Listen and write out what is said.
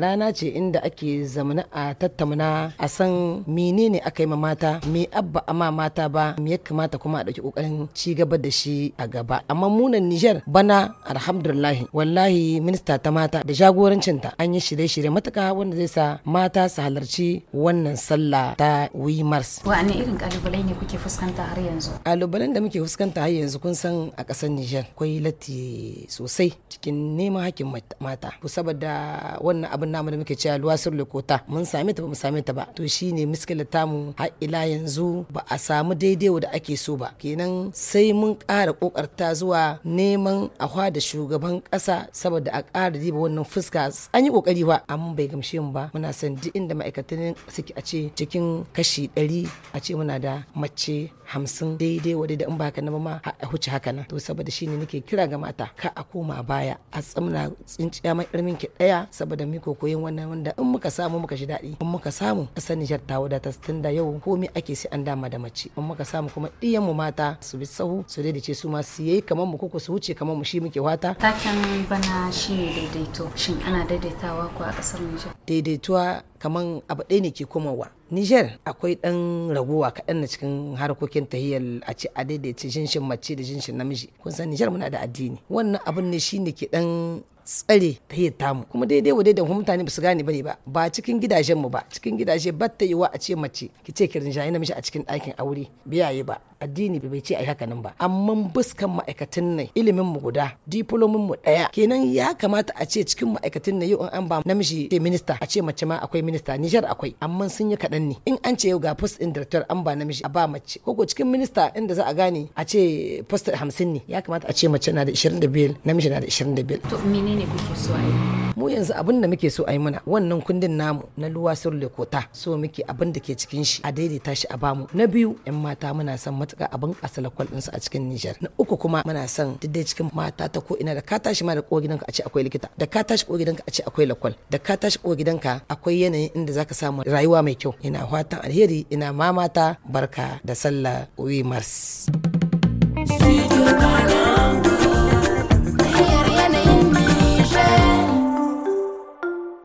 rana ce inda ake zamana a tattauna a san menene aka yi ma mata me abba ama mata ba me ya kamata kuma a ɗauki kokarin ci gaba da shi a gaba amma munan Nijar bana alhamdulillah wallahi minista ta mata da jagorancinta an yi shirye-shirye matuka wanda zai sa mata su halarci wannan sallah ta Wimars. Wa'anne irin ƙalubalen ne kuke fuskanta har yanzu? kalubalen da muke fuskanta har yanzu kun san a kasar Nijar akwai latti sosai cikin neman hakkin mata. Saboda wannan abin n'a namu da muke cewa luwasir lokota mun same ta ba mu same ta ba to shine miskila tamu har ila yanzu ba a samu daidai da ake so ba kenan sai mun ƙara kokarta zuwa neman a da shugaban ƙasa saboda a ƙara diba wannan fuska an yi kokari ba amma bai gamshe mu ba muna son duk inda ma'aikatan suke a ce cikin kashi ɗari a ce muna da mace hamsin daidai wadai da in ba haka na ma a huce haka nan to saboda shine nake kira ga mata ka a koma baya a tsamna tsinciya mai ƙarmin ki ɗaya saboda miko koyi wannan wanda in muka samu muka ji daɗi in muka samu ƙasar Nijar ta wadata tun da yau komai ake sai an dama da mace in muka samu kuma ɗiyan mu mata su bi sahu su ce su ma su yayi kamar mu koko su wuce kamar mu shi muke wata takan bana shi daidaito shin ana daidaitawa ko a ƙasar Nijar daidaituwa kamar abu ɗaya ne ke komawa niger akwai ɗan raguwa kaɗan na cikin harkokin tahiyar a ce a daidaice jinshin mace da jinshin namiji kun san niger muna da addini wannan abun ne ne ke ɗan tsare ta yi tamu kuma daidai wa daidai mutane ba su gane ne ba ba cikin gidajen mu ba cikin gidaje ba ta yiwa a ce mace ki ce kirin jayi namiji a cikin ɗakin aure biyaye ba addini bai ce a haka nan ba amma buskan ma'aikatan nan ilimin mu guda diplomin mu ɗaya kenan ya kamata a ce cikin ma'aikatan nan yau an ba namiji ce minista a ce mace ma akwai minista Nijar akwai amma sun yi kaɗan ne in an ce yau ga post ɗin director an ba namiji a ba mace ko cikin minista inda za a gane a ce post hamsin ne ya kamata a ce mace na da 25 namiji na da 25 to menene kuke so a yi mu yanzu abin da muke so a yi muna wannan kundin namu na luwa sur lekota so muke abin da ke cikin shi a daidaita shi a bamu na biyu yan mata muna son matuƙa abin asalakwal ɗinsu a cikin Nijar na uku kuma muna son dai cikin mata ta ko ina da ka tashi ma da ko gidanka a ce akwai likita da ka tashi ko gidanka a ce akwai lakwal da ka tashi ko gidanka akwai yanayi yanayin inda zaka samu rayuwa mai kyau ina fatan alheri ina mamata barka da sallah we mars